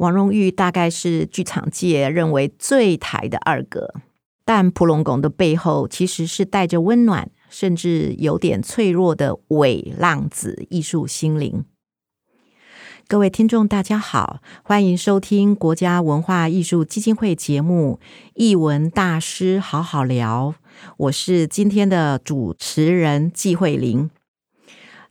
王榮裕大概是劇場界認為最台的二哥，但蒲隆拱的背後其實是帶着溫暖，甚至有點脆弱的偽浪子藝術心靈。各位聽眾，大家好，歡迎收聽國家文化藝術基金會節目《藝文大師好好聊》，我是今天的主持人紀慧玲。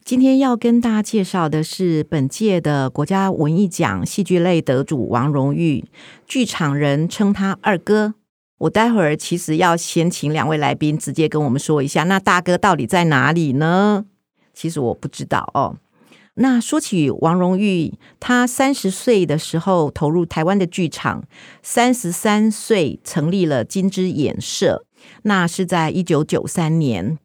今天要跟大家介紹的是本屆的國家文藝獎戲劇類得主王榮裕，劇場人稱他二哥。我待會兒其實要先請兩位來賓直接跟我們說一下，那大哥到底在哪裡呢？其實我不知道哦。那說起王榮裕，他三十歲的時候投入台灣的劇場，三十三歲成立了金枝演社，那是在一九九三年。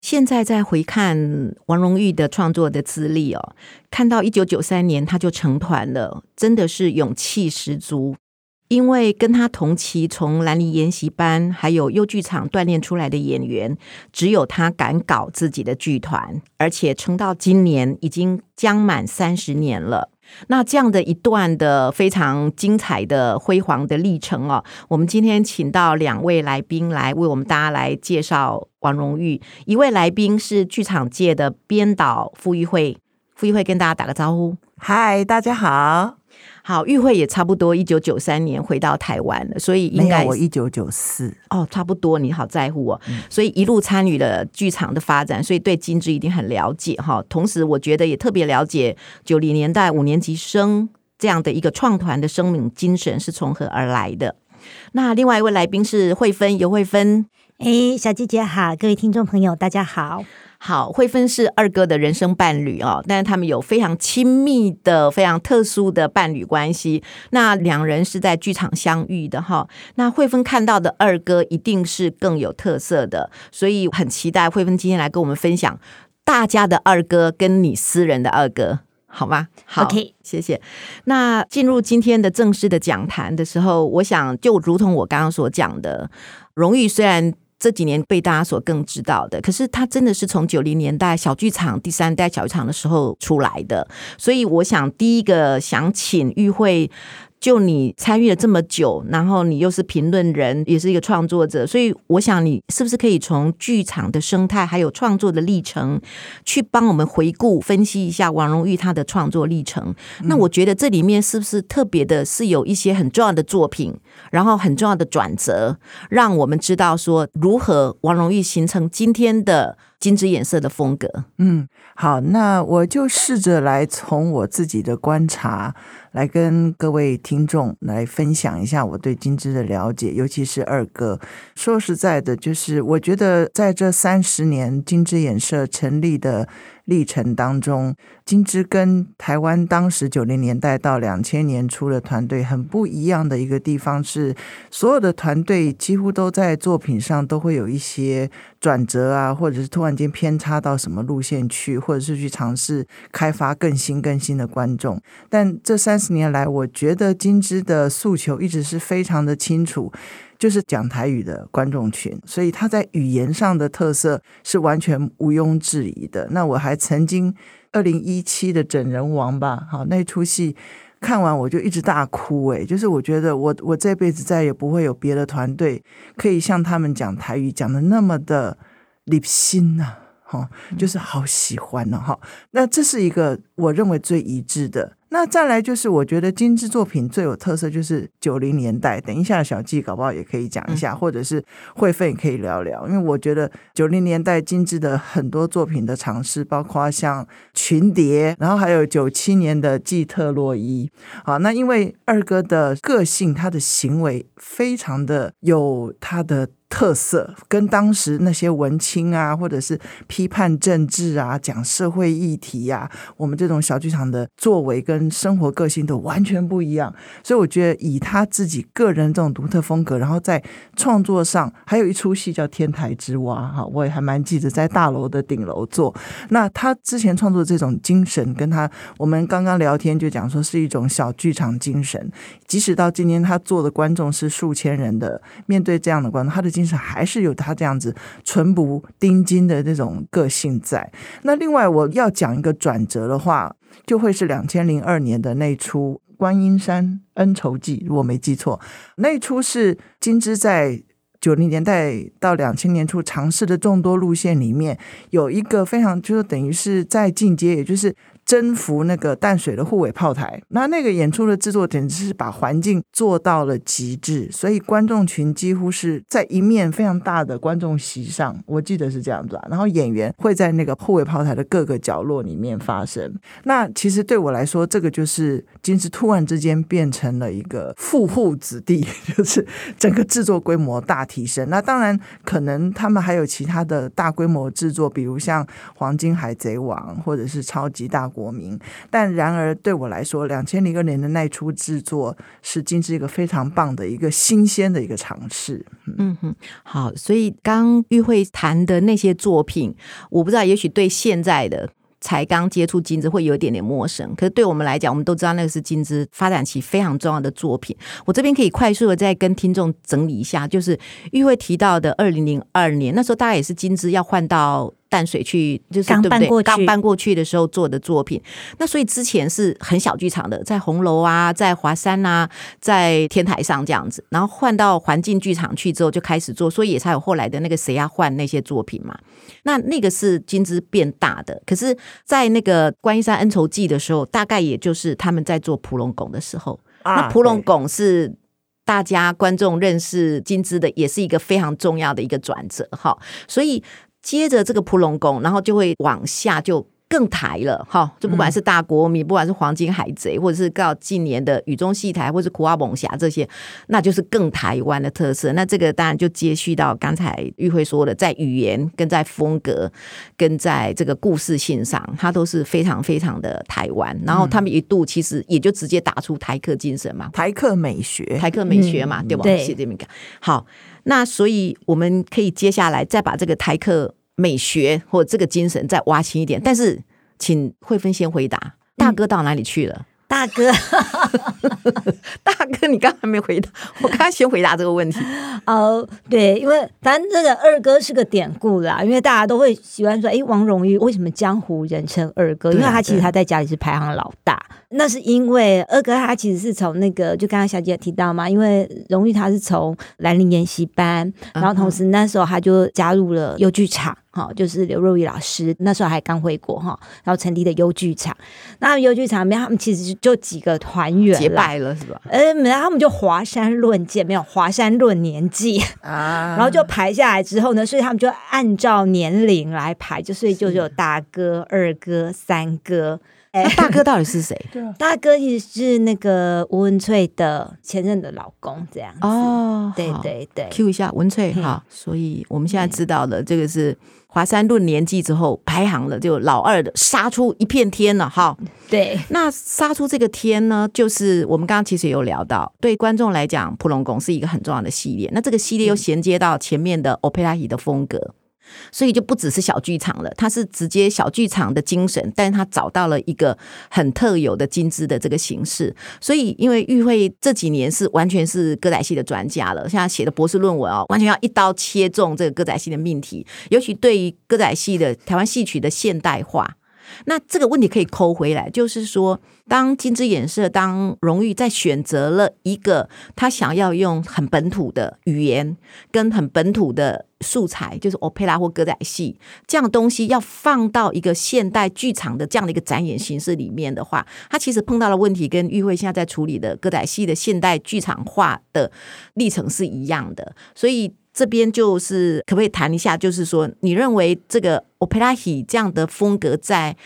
現在再回看王榮裕的創作的資歷哦，看到一九九三年他就成團了，真的是勇氣十足。因為跟他同期從蘭陵研習班還有優劇場鍛鍊出來的演員，只有他敢搞自己的劇團，而且撐到今年已經將滿三十年了。那這樣的一段的非常精彩的輝煌的歷程哦，我們今天請到兩位來賓來為我們大家來介紹王榮裕。一位來賓是劇場界的編導傅裕惠，傅裕惠跟大家打個招呼，嗨，大家好。好，裕惠也差不多，一九九三年回到台灣了。所以應該。沒有，我一九九四。哦，差不多。你好，在乎我、哦、嗯、所以一路參與了劇場的發展，所以對金枝一定很了解哈、哦。同時，我覺得也特別了解九零年代五年級生這樣的一個創團的生命精神是從何而來的。那另外一位來賓是蕙芬，游蕙芬。哎、欸，小姐姐好，各位聽眾朋友，大家好。好，蕙芬是二哥的人生伴侶哦，但是他們有非常親密的、非常特殊的伴侶關係。那兩人是在劇場相遇的哈、哦。那蕙芬看到的二哥一定是更有特色的，所以很期待蕙芬今天來跟我們分享大家的二哥跟你私人的二哥，好嗎？好，OK，謝謝。那進入今天的正式的講壇的時候，我想就如同我剛剛所講的，榮譽雖然。這幾年被大家所更知道的，可是他真的是從九零年代小劇場第三代小劇場的時候出來的，所以我想第一個想請裕惠，就你參與了這麼久，然後你又是評論人，也是一個創作者，所以我想你是不是可以從劇場的生態，還有創作的歷程，去幫我們回顧分析一下王榮裕他的創作歷程？嗯、那我覺得這裡面是不是特別的是有一些很重要的作品，然後很重要的轉折，讓我們知道說如何王榮裕形成今天的。金枝演社的風格，嗯，好，那我就試着來從我自己的觀察來跟各位聽眾來分享一下我對金枝的了解，尤其是二哥，說實在的，就是我覺得在這三十年金枝演社成立的。歷程當中，金枝跟台灣當時九零年代到兩千年初的團隊很不一樣的一個地方是，所有的團隊幾乎都在作品上都會有一些轉折啊，或者是突然間偏差到什麼路線去，或者是去嘗試開發更新更新的觀眾。但這三十年來，我覺得金枝的訴求一直是非常的清楚。就是講台語的觀眾群，所以他在語言上的特色是完全毋庸置疑的。那我還曾經二零一七的整人王吧，好，那出戲看完我就一直大哭，誒，就是我覺得我我這輩子再也不會有別的團隊可以像他們講台語講的那麼的理心吶，哈，就是好喜歡哦，哈。那這是一個我認為最一致的。那再來就是，我覺得金枝作品最有特色就是九零年代。等一下，小紀搞不好也可以講一下，嗯、或者是蕙芬也可以聊聊，因為我覺得九零年代金枝的很多作品的嘗試，包括像《群蝶》，然後還有九七年的《祭特洛伊》。好，那因為二哥的個性，他的行為非常的有他的特色，跟當時那些文青啊，或者是批判政治啊，講社會議題呀、啊，我們這種小劇場的作為跟。生活個性都完全不一樣，所以我覺得以他自己個人這種獨特風格，然後在創作上，還有一出戲叫《天臺之蛙》哈，我也還蠻記得，在大樓的頂樓做。那他之前創作這種精神，跟他我們剛剛聊天就講說是一種小劇場精神，即使到今天他做的觀眾是數千人的，面對這樣的觀眾，他的精神還是有他這樣子純不釘金的那種個性在。那另外我要講一個轉折的話，就會是兩千零二年的那出《觀音山恩仇記》，如果我沒記錯，那出是金枝在九零年代到兩千年初嘗試的眾多路線裡面，有一個非常就是等於是在進階，也就是。征服那個淡水的滬尾炮台，那那個演出的製作簡直是把環境做到了極致，所以觀眾群幾乎是在一面非常大的觀眾席上，我記得是這樣子啊。然後演員會在那個滬尾炮台的各個角落裡面發生。那其實對我來說，這個就是金枝突然之間變成了一個富戶子弟，就是整個製作規模大提升。那當然，可能他們還有其他的大規模製作，比如像《黃金海賊王》或者是超級大。國民，但然而對我來說，兩千零二年的那出制作是金枝一個非常棒的一個新鮮的一個嘗試。嗯嗯，好，所以剛裕惠談的那些作品，我不知道，也許對現在的才剛接觸金枝會有一點點陌生，可是對我們來講，我們都知道那個是金枝發展期非常重要的作品。我這邊可以快速的再跟聽眾整理一下，就是裕惠提到的二零零二年，那時候大概也是金枝要換到。淡水去，就是剛搬過去對不對？剛搬過去的時候做的作品，那所以之前是很小劇場的，在紅樓啊，在華山啊，在天台上這樣子，然後換到環境劇場去之後就開始做，所以也才有後來的那個誰要換那些作品嘛。那那個是金枝變大的，可是在那個《觀音山恩仇記》的時候，大概也就是他們在做浮浪貢的時候，啊、那浮浪貢是對大家觀眾認識金枝的，也是一個非常重要的一個轉折哈，所以。接着這個浮浪貢，然後就會往下就更台了哈，嗯、就不管是大國民，不管是黃金海賊，或者是到近年的雨中戲台，或者是苦阿猛俠這些，那就是更台灣的特色。那這個當然就接續到剛才裕惠說的，在語言跟在風格，跟在這個故事性上，它都是非常非常的台灣。然後他們一度其實也就直接打出台客精神嘛，嗯、台客美學，台客美學嘛，嗯、對不吧對，謝謝敏哥，好。那所以我們可以接下來再把這個台客美學或這個精神再挖深一點，但是請蕙芬先回答，大哥到哪裡去了？嗯大哥， 大哥，你剛還沒回答，我剛剛先回答這個問題。哦，對，因為咱這個二哥是個典故啦，因為大家都會喜歡說，哎，王榮譽為什麼江湖人稱二哥？因為他其實他在家裡是排行老大。那是因為二哥他其實是從那個，就剛剛小姐提到嘛，因為榮譽他是從蘭陵研習班，uh huh. 然後同時那時候他就加入了幼劇場。就是劉若瑀老師那時候還剛回國哈，然後成立的優劇場。那優劇場裡面他們其實就幾個團員結拜了是吧？嗯，然後他們就華山論劍沒有華山論年紀啊，然後就排下來之後呢，所以他們就按照年齡來排，就所以就有大哥、的二哥、三哥。 大哥到底是誰？ 大哥是那個吳文翠的前任的老公，這樣子。哦，對對對，Q、哦、一下文翠哈。好嗯、所以我們現在知道了，這個是華山論年紀之後排行的，就老二的殺出一片天了哈、嗯。對，那殺出這個天呢，就是我們剛剛其實也有聊到，對觀眾來講，《浮浪貢》是一個很重要的系列。那這個系列又銜接到前面的歐佩拉戲的風格。所以就不只是小劇場了，他是直接小劇場的精神，但是他找到了一個很特有的金枝的這個形式。所以，因為裕惠這幾年是完全是歌仔戲的專家了，現在寫的博士論文哦，完全要一刀切中這個歌仔戲的命題，尤其對於歌仔戲的台灣戲曲的現代化。那這個問題可以摳回來，就是說，當金枝演社，當榮譽在選擇了一個他想要用很本土的語言跟很本土的。素材就是 OPELA 或歌仔戲這樣東西，要放到一個現代劇場的這樣的一個展演形式裡面的話，它其實碰到的問題跟裕惠現在在處理的歌仔戲的現代劇場化的歷程是一樣的。所以這邊就是可不可以談一下，就是說你認為這個 OPELA 戲這樣的風格在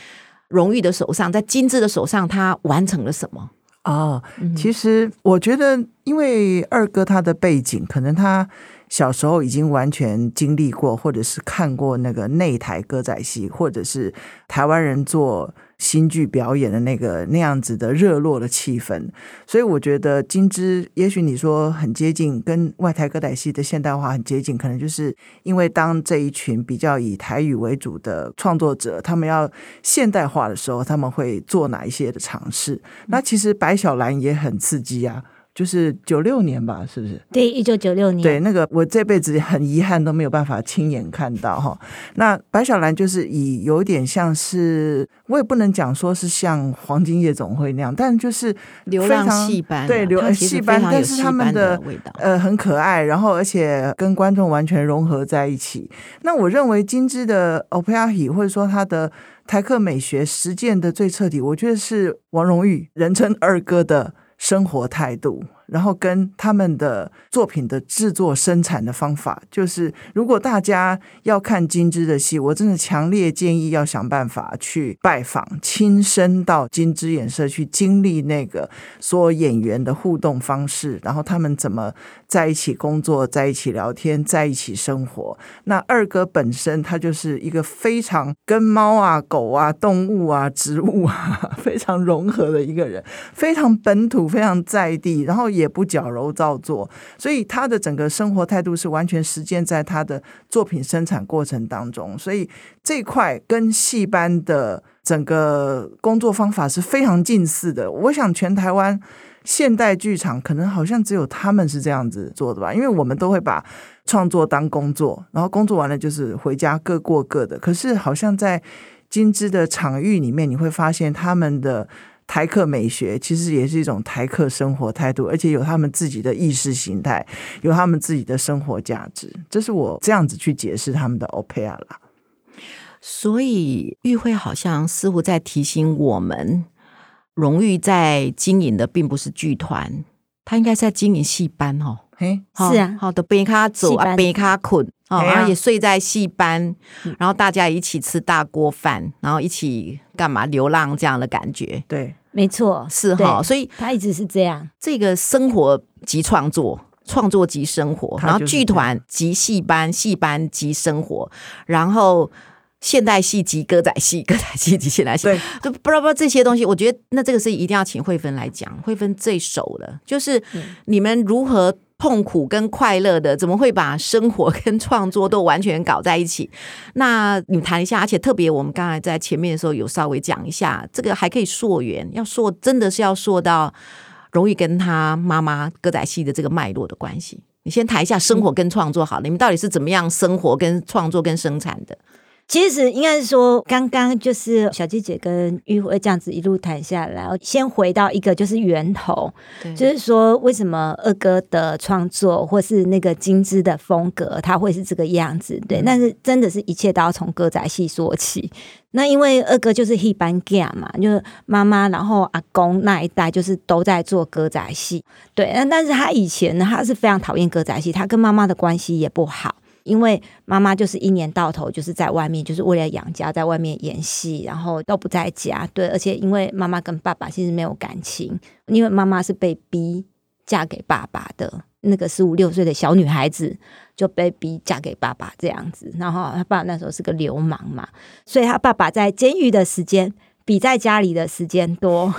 榮裕的手上，在金枝的手上，它完成了什麼？哦，oh, 其實我覺得，因為二哥他的背景，可能他小時候已經完全經歷過，或者是看過那個內台歌仔戲，或者是台灣人做。新劇表演的那個那樣子的熱絡的氣氛，所以我覺得金枝，也許你說很接近，跟外台歌仔戲的現代化很接近，可能就是因為當這一群比較以台語為主的創作者，他們要現代化的時候，他們會做哪一些的嘗試。嗯。那其實白小蘭也很刺激啊。就是九六年吧，是不是？對，一九九六年。對，那個我這輩子很遺憾都沒有辦法親眼看到哈。那白小蘭就是以有點像是，我也不能講說是像黃金夜總會那樣，但就是流浪戲班，對，流浪戲班，但是他們的,的呃很可愛，然後而且跟觀眾完全融合在一起。那我認為金枝的《opera》或者說他的台客美學實踐的最徹底，我覺得是王榮裕，人稱二哥的。生活態度。然後跟他們的作品的製作、生產的方法，就是如果大家要看金枝的戲，我真的強烈建議要想辦法去拜訪，親身到金枝演社去經歷那個所有演員的互動方式，然後他們怎麼在一起工作、在一起聊天、在一起生活。那二哥本身他就是一個非常跟貓啊、狗啊、動物啊、植物啊非常融合的一個人，非常本土、非常在地，然後也。也不矯揉造作，所以他的整個生活態度是完全實踐在他的作品生產過程當中，所以這一塊跟戲班的整個工作方法是非常近似的。我想全台灣現代劇場可能好像只有他們是這樣子做的吧，因為我們都會把創作當工作，然後工作完了就是回家各過各的。可是好像在金枝的場域裡面，你會發現他們的。台客美學其實也是一種台客生活態度，而且有他們自己的意識形態，有他們自己的生活價值。這是我這樣子去解釋他們的 opera 啦。所以裕惠好像似乎在提醒我們，榮裕在經營的並不是劇團，他應該是在經營戲班哦。嘿好是啊，好的，貝卡走啊，貝困班。然後、哦啊、也睡在戲班，嗯、然後大家一起吃大鍋飯，然後一起幹嘛流浪這樣的感覺。對，沒錯，是哈吼。對所以他一直是這樣，這個生活即創作，創作即生活，然後劇團即戲班，戲班即生活，然後現代戲即歌仔戲，歌仔戲即現代戲，對，就不知道不知道這些東西。我覺得那這個是一定要請蕙芬來講，蕙芬最熟了，就是你們如何。痛苦跟快樂的，怎麼會把生活跟創作都完全搞在一起？那你們談一下，而且特別我們剛才在前面的時候有稍微講一下，這個還可以溯源，要溯真的是要溯到榮裕跟他媽媽歌仔戲的這個脈絡的關係。你先談一下生活跟創作好了，你們到底是怎麼樣生活跟創作跟生產的？其實應該是說，剛剛就是小紀姐，姐跟裕惠這樣子一路談下來，先回到一個就是源頭，對就是說，為什麼二哥的創作或是那個金枝的風格，他會是這個樣子，對。但是真的是一切都要從歌仔戲說起。嗯、那因為二哥就是戲班家嘛，就是媽媽，然後阿公那一代就是都在做歌仔戲，對。但但是他以前呢，他是非常討厭歌仔戲，他跟媽媽的關係也不好。因為媽媽就是一年到頭就是在外面，就是為了養家，在外面演戲，然後都不在家。對，而且因為媽媽跟爸爸其實沒有感情，因為媽媽是被逼嫁給爸爸的。那個十五六歲的小女孩子就被逼嫁給爸爸這樣子。然後他爸那時候是個流氓嘛，所以他爸爸在監獄的時間比在家裡的時間多。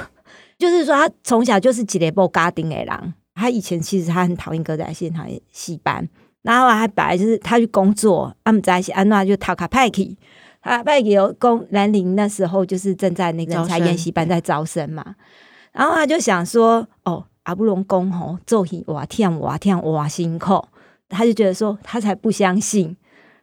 就是說，他從小就是吉列布嘎丁的人。他以前其實他很討厭歌仔戲，討厭戲班。然後還、啊、本來就是他去工作，他們在一起，安娜就討卡派克，他派克有工，蘭陵那時候就是正在那個人才研習班在招生嘛，然後他就想說，哦，阿布隆工吼，做戲哇天哇天哇辛苦，他就覺得說他才不相信，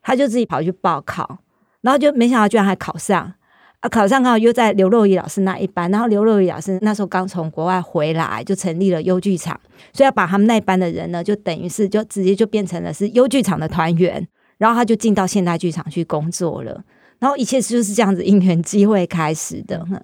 他就自己跑去報考，然後就沒想到居然還考上。啊，考上後又在劉若英老師那一班，然後劉若英老師那時候剛從國外回來，就成立了優劇場，所以要把他們那一班的人呢，就等於是就直接就變成了是優劇場的團員，然後他就進到現代劇場去工作了，然後一切就是這樣子因緣機會開始的，嗯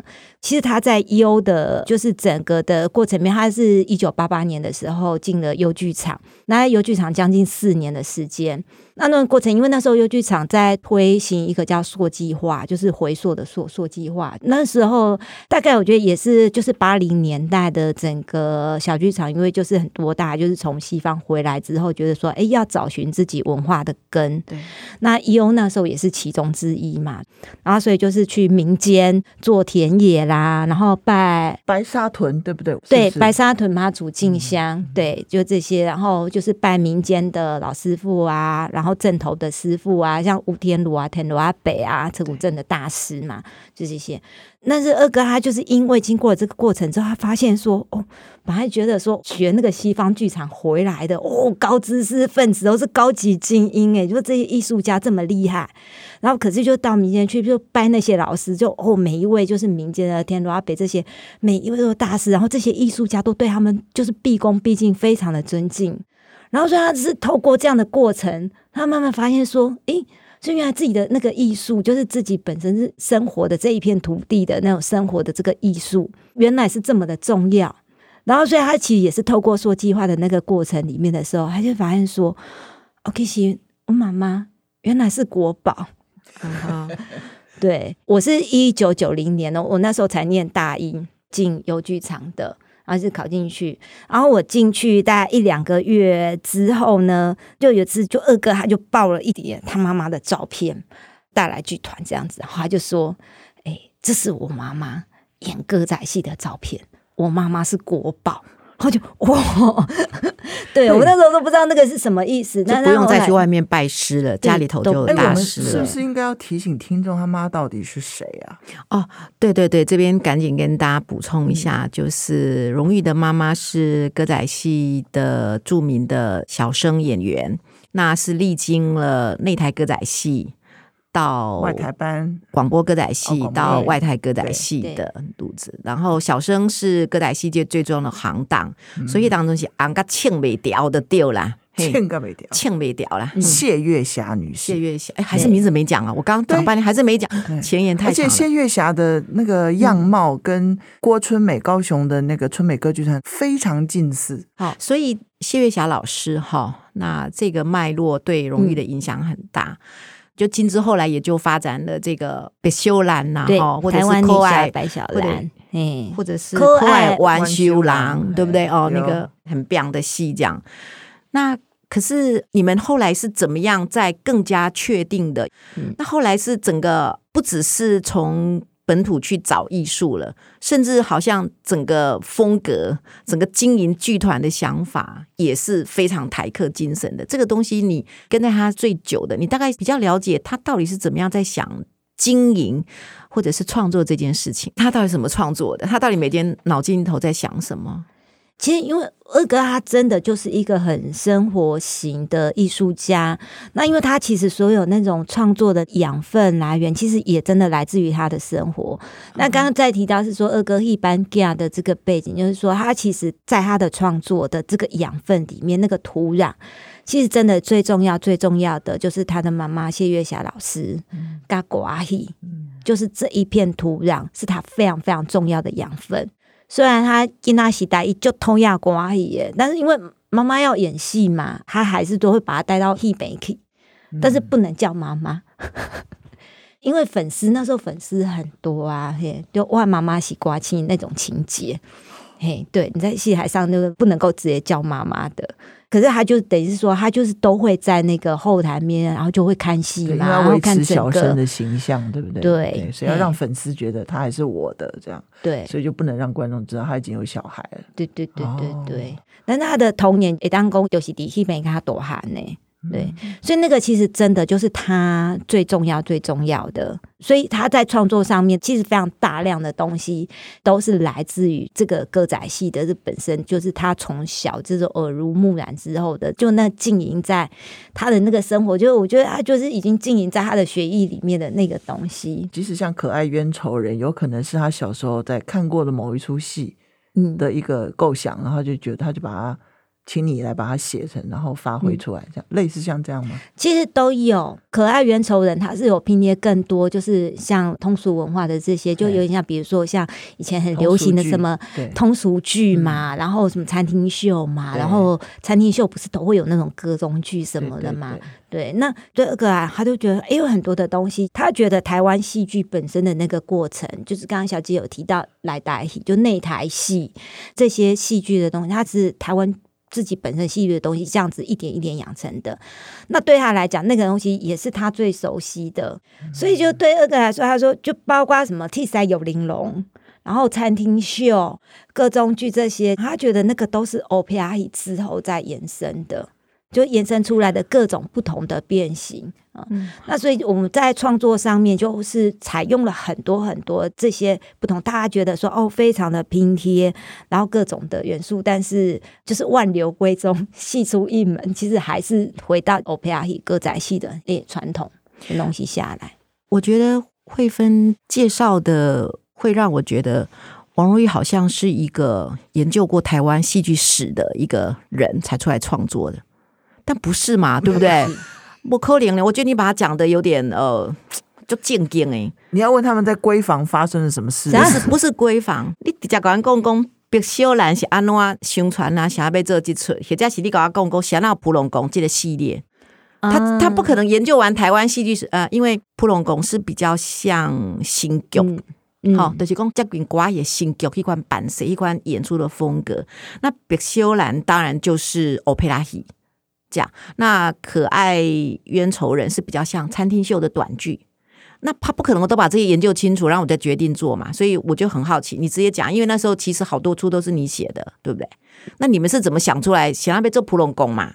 其實他在優、e、的，就是整個的過程裡面，他是一九八八年的時候進了優劇場，那在優劇場將近四年的時間。那段過程，因為那時候優劇場在推行一個叫“溯計劃”，就是回溯的溯、溯計劃。那時候大概我覺得也是，就是八零年代的整個小劇場，因為就是很多大家就是從西方回來之後，覺得說，哎、欸，要找尋自己文化的根。對。那伊、e、歐那時候也是其中之一嘛，然後所以就是去民間做田野啦。啊，然後拜白沙屯，對不對？對，是是白沙屯媽祖進香，嗯、對，就這些。然後就是拜民間的老師傅啊，然後陣頭的師傅啊，像吳天羅啊、天羅啊、北啊，車鼓陣的大師嘛，對就這些。但是二哥他就是因為經過了這個過程之後，他發現說，哦，本來覺得說學那個西方劇場回來的，哦，高知識分子都是高級精英，誒，就這些藝術家這麼厲害。然後可是就到民間去，就拜那些老師，就哦每一位就是民間的天羅阿北這些每一位都是大師，然後這些藝術家都對他們就是畢恭畢敬，非常的尊敬。然後所以他只是透過這樣的過程，他慢慢發現說，誒，是原來自己的那個藝術，就是自己本身是生活的這一片土地的那種生活的這個藝術，原來是這麼的重要。然後所以他其實也是透過做計劃的那個過程裡面的時候，他就發現說，OK 西，我、哦、媽媽原來是國寶。嗯哈！ 對，我是一九九零年哦，我那時候才念大一進優劇場的，然後是考進去，然後我進去大概一兩個月之後呢，就有一次就二哥他就抱了一點他媽媽的照片帶來劇團這樣子，然後他就說：“誒、欸，這是我媽媽演歌仔戲的照片，我媽媽是國寶。”好久，哇、哦，對，我們那時候都不知道那個是什麼意思，那對是不用再去外面拜師了，對家裡頭就有大師了。是不是應該要提醒聽眾他媽到底是誰啊？哦，對對對，這邊趕緊跟大家補充一下，嗯、就是榮譽的媽媽是歌仔戲的著名的小生演員，那是歷經了內台歌仔戲。到外台班廣播歌仔戲，到外台歌仔戲的肚子，然後小生是歌仔戲界最重要的行當，所以當中是俺個慶美調的調啦，慶個美調，慶美調了。謝月霞女士，謝月霞，哎，還是名字沒講啊，我剛剛講半天還是沒講，前言太長。而且謝月霞的那個樣貌跟郭春美高雄的那個春美歌劇團非常近似，好，所以謝月霞老師哈，那這個脈絡對榮譽的影響很大。就金枝，後來也就發展了這個白小蘭吶、啊，對，是台灣胡撇仔白小蘭，者嗯，或者是胡撇仔白小蘭，嗯、對不對？對哦，對那個很漂亮的戲這樣。那可是你們後來是怎麼樣在更加確定的？嗯、那後來是整個不只是從。本土去找藝術了，甚至好像整個風格、整個經營劇團的想法也是非常台客精神的。這個東西你跟在他最久的，你大概比較了解他到底是怎麼樣在想經營或者是創作這件事情。他到底怎麼創作的？他到底每天腦筋裡頭在想什麼？其實，因為二哥他真的就是一個很生活型的藝術家。那因為他其實所有那種創作的養分來、啊、源，其實也真的來自於他的生活。那剛剛在提到是說、嗯、二哥一般 g a 的這個背景，就是說他其實在他的創作的這個養分裡面，那個土壤其實真的最重要、最重要的就是他的媽媽謝月霞老師，嘎果阿姨，就是這一片土壤是他非常非常重要的養分。雖然他跟阿西待一就偷壓瓜耶，但是因為媽媽要演戲嘛，他還是都會把他帶到戲北去，但是不能叫媽媽，嗯、 因為粉絲那時候粉絲很多啊，對，就萬媽媽喜瓜親那種情節。嘿，hey, 對，你在戲台上就是不能夠直接叫媽媽的，可是他就等於是說，他就是都會在那個後台面，然後就會看戲嘛，對，要維持小生的形象，對不對？對，對，所以要讓粉絲覺得他還是我的這樣，對，嘿，所以就不能讓觀眾知道他已經有小孩了。對對對對對，那、哦、他的童年，哎，當公就是底戲面，看他多寒呢？對，所以那個其實真的就是他最重要、最重要的。所以他在創作上面，其實非常大量的東西都是來自於這個歌仔戲的，這本身就是他從小就是耳濡目染之後的。就那經營在他的那個生活，就是我覺得他就是已經經營在他的學藝裡面的那個東西。即使像可愛冤仇人，有可能是他小時候在看過的某一出戲，嗯，的一個構想，嗯、然後就覺得他就把它。請你來把它寫成，然後發揮出來，這樣類似像這樣嗎？其實都有可愛圓頭人，他是有拼貼更多，就是像通俗文化的這些，對就有點像，比如說像以前很流行的什麼通俗劇嘛，對然後什麼餐廳秀嘛，對然後餐廳秀不是都會有那種歌中劇什麼的嘛？對，對，對，對，那第二個啊，他就覺得也、欸、有很多的東西，他覺得台灣戲劇本身的那個過程，就是剛剛小姐有提到來代替，就那台戲這些戲劇的東西，他是台灣。自己本身系列的東西，這樣子一點一點養成的，那對他來講，那個東西也是他最熟悉的，嗯嗯，所以就對二哥來說，他說就包括什麼 T 身、有玲瓏，然後餐廳秀、各種劇這些，他覺得那個都是 O P R 之後再延伸的，就延伸出來的各種不同的變形。嗯，那所以我們在創作上面就是採用了很多很多這些不同，大家覺得說哦，非常的拼貼，然後各種的元素，但是就是萬流歸宗，戲出一門，其實還是回到 opera 歌仔戲的誒傳統的東西下來。我覺得蕙芬介紹的會讓我覺得王榮裕好像是一個研究過台灣戲劇史的一個人才出來創作的，但不是嘛？對不對？ 我可憐了，我覺得你把它講的有點呃，就見見哎。你要問他們在閨房發生了什麼事？實是不是不是閨房，你直接跟阮講講，碧秀蘭是安怎宣傳吶？啥被、啊、這幾齣？或者是你甲阮講講想那個普隆宮這個系列？嗯、他他不可能研究完台灣戲劇史，呃，因為普隆宮是比較像新劇，好、嗯嗯，就是講接近寡也新劇一款版式，一款演出的風格。那碧秀蘭當然就是歐佩拉戲。講，那可愛冤仇人是比較像餐廳秀的短劇，那他不可能我都把這些研究清楚，然後我再決定做嘛，所以我就很好奇，你直接講，因為那時候其實好多出都是你寫的，對不對？那你們是怎麼想出來想要被做普龍宮嘛？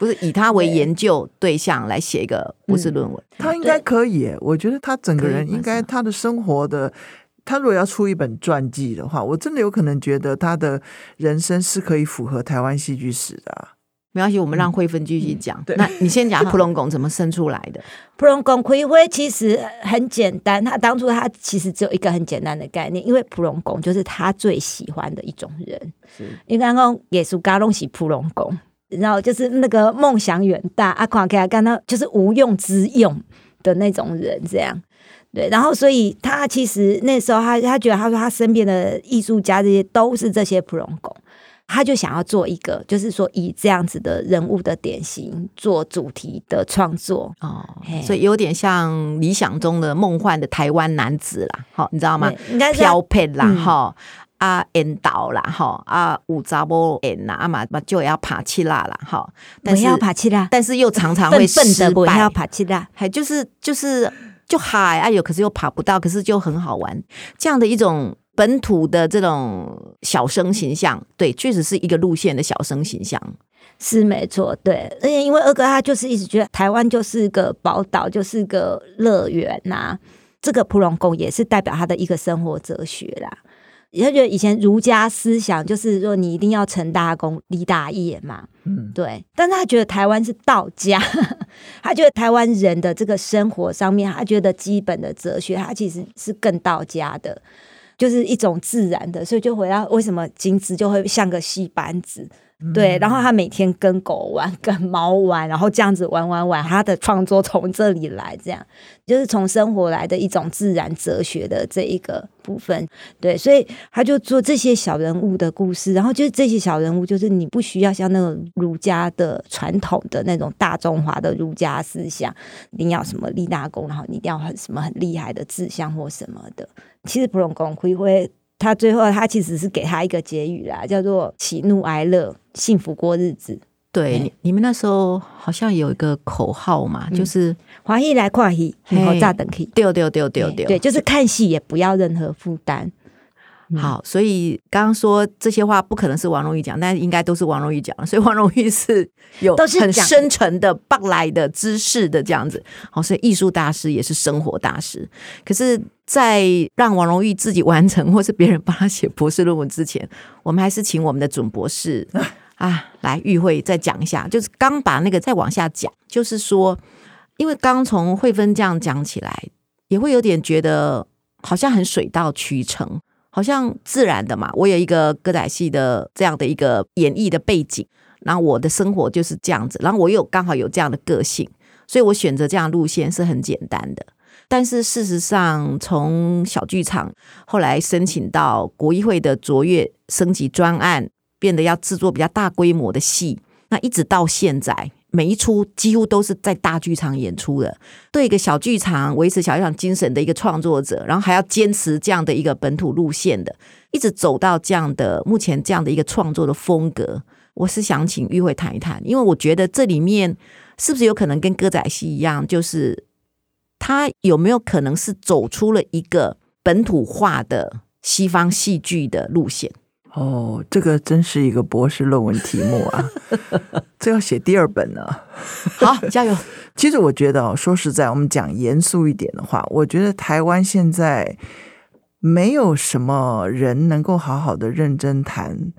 不是以他為研究對象來寫一個博士論文，嗯、吧他應該可以耶。對我覺得他整個人應該，他的生活的，以他如果要出一本傳記的話，嗎我真的有可能覺得他的人生是可以符合台灣戲劇史的、啊。沒關係，我們讓蕙芬繼續講。嗯嗯、 那，你先講蒲隆公怎麼生出來的？蒲 隆公魁其實很簡單，他當初他其實只有一個很簡單的概念，因為蒲隆公就是他最喜歡的一種人。是，因為剛剛也是剛弄起蒲隆然後就是那個夢想遠大，阿狂給他幹到就是無用之用的那種人，這樣對。然後，所以他其實那時候他他覺得他說他身邊的藝術家這些都是這些普通工，他就想要做一個，就是說以這樣子的人物的典型做主題的創作哦，所以有點像理想中的夢幻的台灣男子啦，好，你知道嗎？應該是標配啦，哈、嗯。啊，淹倒啦，吼，啊，五爪波淹啦，啊嘛，媽就要爬起來啦吼，但不要爬起來，但是又常常會失敗。不、呃、要爬起來，還、哎、就是就是就喊哎呦，可是又爬不到，可是就很好玩。這樣的一種本土的這種小生形象，嗯、對，確實是一個路線的小生形象，是沒錯。對，而且因為二哥他就是一直覺得台灣就是一個寶島，就是個樂園吶、啊。這個普龍宮也是代表他的一個生活哲學啦。他覺得以前儒家思想就是說，你一定要成大功立大業嘛，嗯，對。但是他覺得台灣是道家，他覺得台灣人的這個生活上面，他覺得基本的哲學，他其實是更道家的，就是一種自然的。所以就回到為什麼金枝就會像個戲班子。對，然後他每天跟狗玩，跟貓玩，然後這樣子玩玩玩，他的創作從這裡來，這樣就是從生活來的一種自然哲學的這一個部分。對，所以他就做這些小人物的故事，然後就是這些小人物，就是你不需要像那種儒家的傳統的那種大中華的儒家思想，一定要什麼立大功，然後你一定要很什麼很厲害的志向或什麼的。其實不用講，他會。他最後，他其實是給他一個結語啦，叫做喜怒哀樂，幸福過日子。對，欸、你們那時候好像有一個口號嘛，嗯、就是“歡喜來看戲，嘿口炸等以對對對對對，對，就是看戲也不要任何負擔。就是負擔嗯、好，所以剛剛說這些話不可能是王榮裕講，但應該都是王榮裕講。所以王榮裕是有很深沉的、抱來的知識的這樣子。好，所以藝術大師也是生活大師。可是。在讓王榮裕自己完成，或是別人幫他寫博士論文之前，我們還是請我們的準博士啊來裕惠再講一下，就是剛把那個再往下講，就是說，因為剛從蕙芬這樣講起來，也會有點覺得好像很水到渠成，好像自然的嘛。我有一個歌仔戲的這樣的一個演繹的背景，然後我的生活就是這樣子，然後我又剛好有這樣的個性，所以我選擇這樣路線是很簡單的。但是事實上，從小劇場後來申請到國藝會的卓越升級專案，變得要制作比較大規模的戲。那一直到現在，每一出幾乎都是在大劇場演出的。對一個小劇場維持小劇場精神的一個創作者，然後還要堅持這樣的一個本土路線的，一直走到這樣的目前這樣的一個創作的風格，我是想請裕惠談一談，因為我覺得這裡面是不是有可能跟歌仔戲一樣，就是。他有沒有可能是走出了一個本土化的西方戲劇的路線？哦，這個真是一個博士論文題目啊！ 這要寫第二本了啊。 好，加油。其實我覺得，說實在，我們講嚴肅一點的話，我覺得台灣現在沒有什麼人能夠好好的認真談。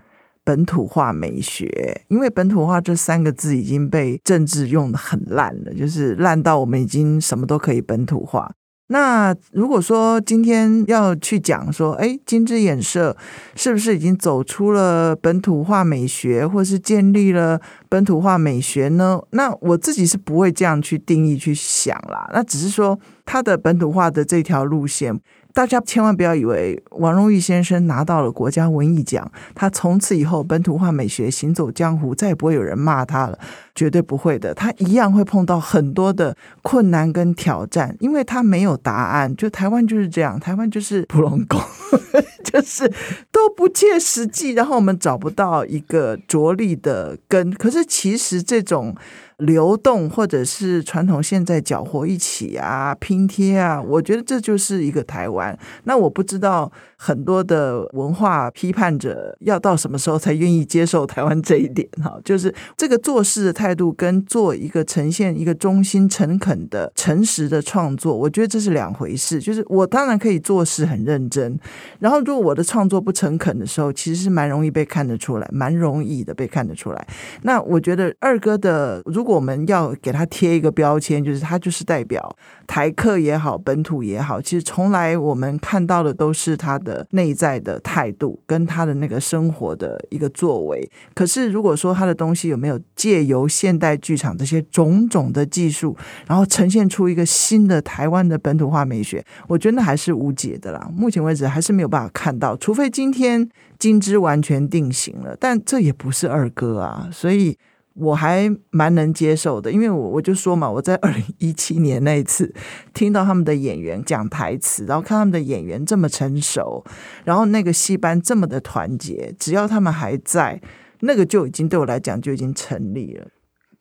本土化美學，因為本土化這三個字已經被政治用得很爛了，就是爛到我們已經什麼都可以本土化。那如果說今天要去講說，誒，金枝演社是不是已經走出了本土化美學，或是建立了本土化美學呢？那我自己是不會這樣去定義去想啦。那只是說它的本土化的這條路線。大家千萬不要以為王榮裕先生拿到了國家文藝獎，他從此以後本土化美學行走江湖，再也不會有人罵他了。絕對不會的，他一樣會碰到很多的困難跟挑戰，因為他沒有答案。就台灣就是這樣，台灣就是普龍共， 就是都不切實際，然後我們找不到一個着力的根。可是其實這種流動或者是傳統，現在攪和一起啊，拼貼啊，我覺得這就是一個台灣。那我不知道很多的文化批判者要到什麼時候才願意接受台灣這一點哈，就是這個做事。態度跟做一個呈現一個衷心誠懇的、誠實的創作，我覺得這是兩回事。就是我當然可以做事很認真，然後如果我的創作不誠懇的時候，其實是蠻容易被看得出來，蠻容易的被看得出來。那我覺得二哥的，如果我們要給他貼一個標籤，就是他就是代表台客也好，本土也好，其實從來我們看到的都是他的內在的態度跟他的那個生活的一個作為。可是如果說他的東西有沒有借由現代劇場這些種種的技術，然後呈現出一個新的台灣的本土化美學，我覺得還是無解的啦。目前為止還是沒有辦法看到，除非今天金枝完全定型了，但這也不是二哥啊，所以我還蠻能接受的。因為我我就說嘛，我在二零一七年那一次聽到他們的演員講台詞，然後看他們的演員這麼成熟，然後那個戲班這麼的團結，只要他們還在，那個就已經對我來講就已經成立了。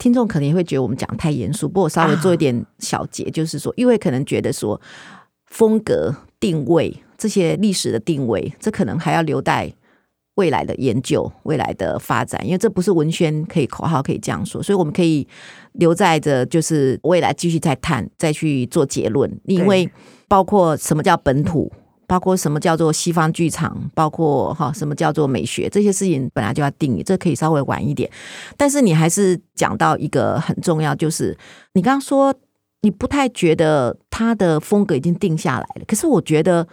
聽眾肯定會覺得我們講太嚴肅，不過我稍微做一點小結，uh. 就是說，因為可能覺得說風格定位這些歷史的定位，這可能還要留待未來的研究、未來的發展，因為這不是文宣可以口號可以這樣說，所以我們可以留在着，就是未來繼續再探、再去做結論，因為包括什麼叫本土。對嗯包括什麼叫做西方劇場，包括哈什麼叫做美學，這些事情本來就要定義，這可以稍微晚一點。但是你還是講到一個很重要，就是你剛剛說你不太覺得他的風格已經定下來了，可是我覺得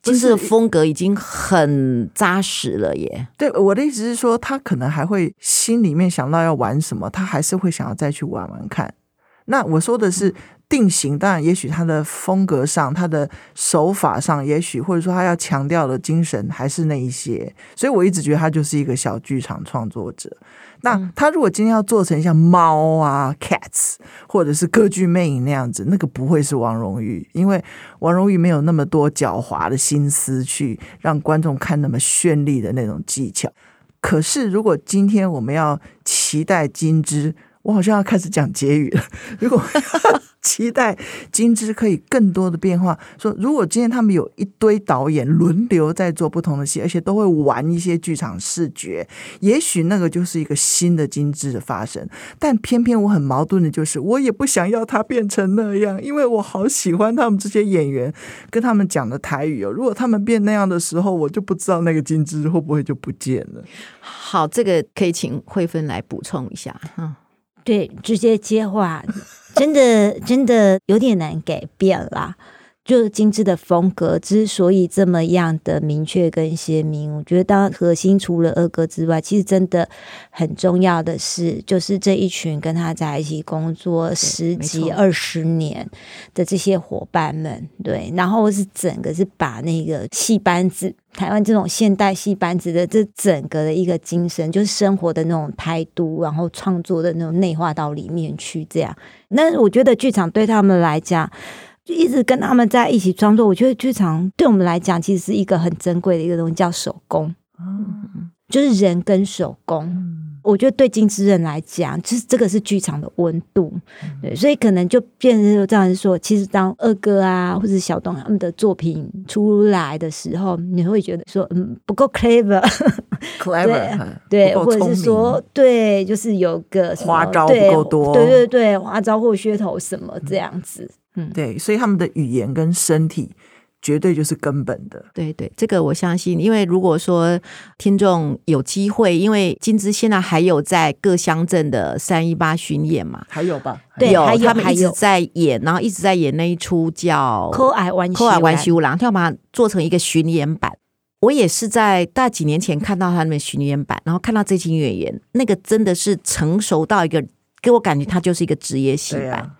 就是風格已經很紮實了耶。對，我的意思是說，他可能還會心裡面想到要玩什麼，他還是會想要再去玩玩看。那我說的是。嗯定型，當然，也許他的風格上、他的手法上，也許或者說他要強調的精神還是那一些，所以我一直覺得他就是一個小劇場創作者。嗯、那他如果今天要做成像《貓》啊《cats》或者是《歌劇魅影》那樣子，那個不會是王榮裕，因為王榮裕沒有那麼多狡猾的心思去讓觀眾看那麼絢麗的那種技巧。可是如果今天我們要期待金枝。我好像要開始講結語了。如果期待金枝可以更多的變化，說如果今天他們有一堆導演輪流在做不同的戲，而且都會玩一些劇場視覺，也許那個就是一個新的金枝的發生。但偏偏我很矛盾的就是，我也不想要他變成那樣，因為我好喜歡他們這些演員跟他們講的台語哦。如果他們變那樣的時候，我就不知道那個金枝會不會就不見了。好，這個可以請蕙芬來補充一下，哈、嗯。對，直接接話，真的真的有點難改變了。就是精致的風格之所以這麼樣的明確跟鮮明，我覺得當核心除了二哥之外，其實真的很重要的是，就是這一群跟他在一起工作十幾二十年的這些伙伴們，對,對，然後是整個是把那個戲班子，台灣這種現代戲班子的這整個的一個精神，就是生活的那種態度，然後創作的那種內化到裡面去，這樣。那我覺得劇場對他們來講。就一直跟他們在一起創作，我覺得劇場對我們來講，其實是一個很珍貴的一個東西，叫手工。哦、就是人跟手工。嗯、我覺得對金枝人來講，其實這個是劇場的溫度。嗯、對，所以可能就變成這樣子說，其實當二哥啊或者小東他們的作品出來的時候，你會覺得說，嗯，不夠 clever，clever， clever，對，對或者是說，對，就是有個什麼花招不夠多，對對對，花招或噱頭什麼這樣子。嗯嗯，對，所以他們的語言跟身體絕對就是根本的。嗯、對對，這個我相信，因為如果說聽眾有機會，因為金枝現在還有在各鄉鎮的三一八巡演嘛，還有吧？對，有還有他們還是在演，然後一直在演那一出叫《可愛冤可愛冤仇人》，他要把它做成一個巡演版。我也是在大幾年前看到他們巡演版，嗯、然後看到這群演員，那個真的是成熟到一個，給我感覺他就是一個職業戲班。嗯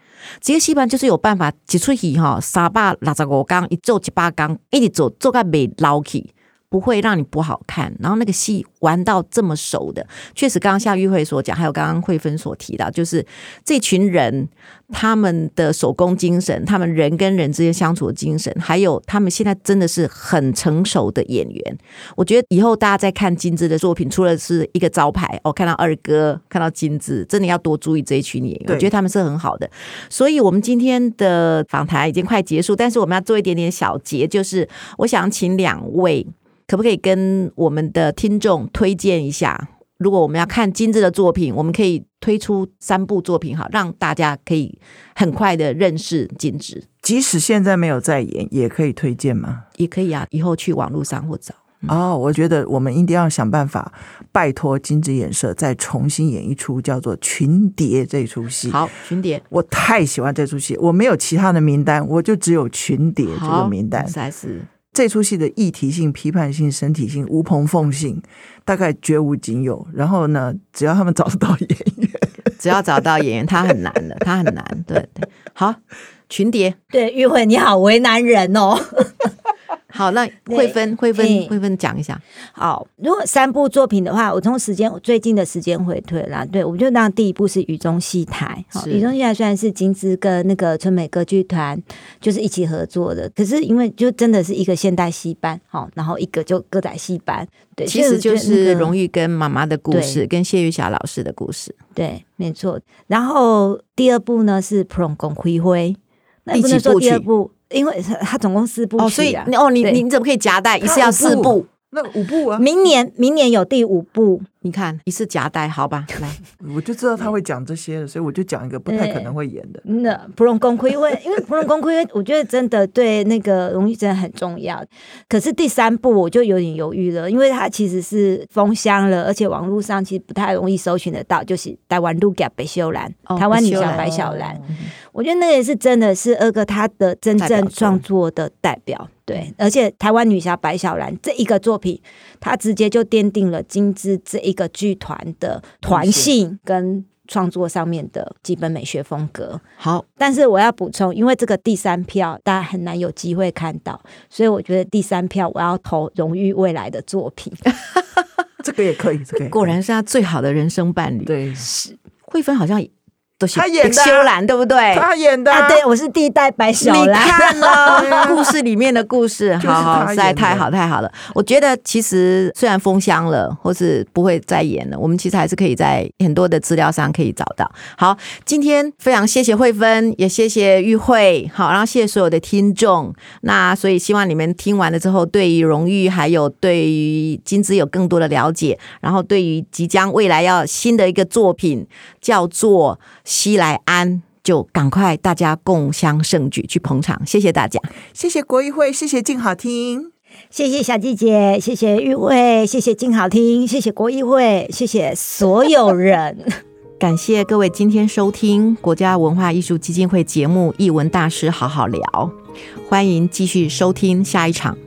這個戲班就是有辦法一出戲吼，三百六十五天，一做一百天，一直做，做甲袂老去。不會讓你不好看，然後那個戲玩到這麼熟的，確實剛剛傅裕惠所講，還有剛剛蕙芬所提到，就是這群人他們的手工精神，他們人跟人之間相處的精神，還有他們現在真的是很成熟的演員。我覺得以後大家在看金枝的作品，除了是一個招牌哦，看到二哥，看到金枝，真的要多注意這一群演員，對我覺得他們是很好的。所以我們今天的訪談已經快結束，但是我們要做一點點小結，就是我想請兩位。可不可以跟我們的聽眾推薦一下？如果我們要看金枝的作品，我們可以推出三部作品好，好讓大家可以很快的認識金枝。即使現在沒有在演，也可以推薦嗎？也可以啊，以後去網絡上或找。嗯、哦，我覺得我們一定要想辦法，拜託金枝演社再重新演一出叫做群《群蝶》這出戲。好，《群蝶》，我太喜歡這出戲，我沒有其他的名單，我就只有《群蝶》這個名單。好實在是。這出戲的議題性、批判性、身體性、無朋奉性，大概絕無僅有。然後呢，只要他們找得到演員，只要找到演員，他很難的， 他很難。對對，好，群蝶，對裕惠，你好為難人哦。 好，那蕙芬、蕙芬、蕙芬講一下。好，如果三部作品的話，我從時間最近的時間回退啦。對，我們就當第一部是《雨中戲台》。《雨中戲台》雖然是金枝跟那個春美歌劇團就是一起合作的，可是因為就真的是一個現代戲班，好，然後一個就歌仔戲班。對，其實就是榮裕跟媽媽的故事，跟謝月霞老師的故事。對，沒錯。然後第二部呢是《浮浪貢開花》。那你不能說第二部，因為它總共四部、啊哦、所以哦，你對你你怎麼可以夾帶？一次要四部，那五部啊？明年明年有第五部。你看，一次夾帶，好吧，來， 我就知道他會講這些， 所以我就講一個不太可能會演的。那浮浪貢開花，因為因為浮浪貢開花我覺得真的對那個榮譽真的很重要。可是第三部我就有點猶豫了，因為他其實是封箱了，而且網絡上其實不太容易搜尋得到。就是台灣女俠白秀蘭，哦、台灣女俠白小蘭，我覺得那也是真的是二哥他的真正創作的代表。對，而且台灣女俠白小蘭這一個作品。他直接就奠定了金枝這一個劇團的團性跟創作上面的基本美學風格。好，但是我要補充，因為這個第三票大家很難有機會看到，所以我覺得第三票我要投榮裕未來的作品。 這個也可以，這個果然是他最好的人生伴侶。對，是蕙芬好像。他演的修、啊、蘭、啊、對不對？他演的、啊啊、對我是第一代白小蘭，你看呢， 故事裡面的故事，好,好，實在太好太好了。我覺得其實雖然封箱了，或是不會再演了，我們其實還是可以在很多的資料上可以找到。好，今天非常謝謝蕙芬，也謝謝裕惠，好，然後謝謝所有的聽眾。那所以希望你們聽完了之後，對於榮譽還有對於金枝有更多的了解，然後對於即將未來要新的一個作品叫做。西來安就趕快，大家共襄盛舉去捧場，謝謝大家，謝謝國藝會，謝謝靜好聽，謝謝小姐姐，謝謝裕惠，謝謝靜好聽，謝謝國藝會，謝謝所有人， 感謝各位今天收聽國家文化藝術基金會節目《藝文大師好好聊》，歡迎繼續收聽下一場。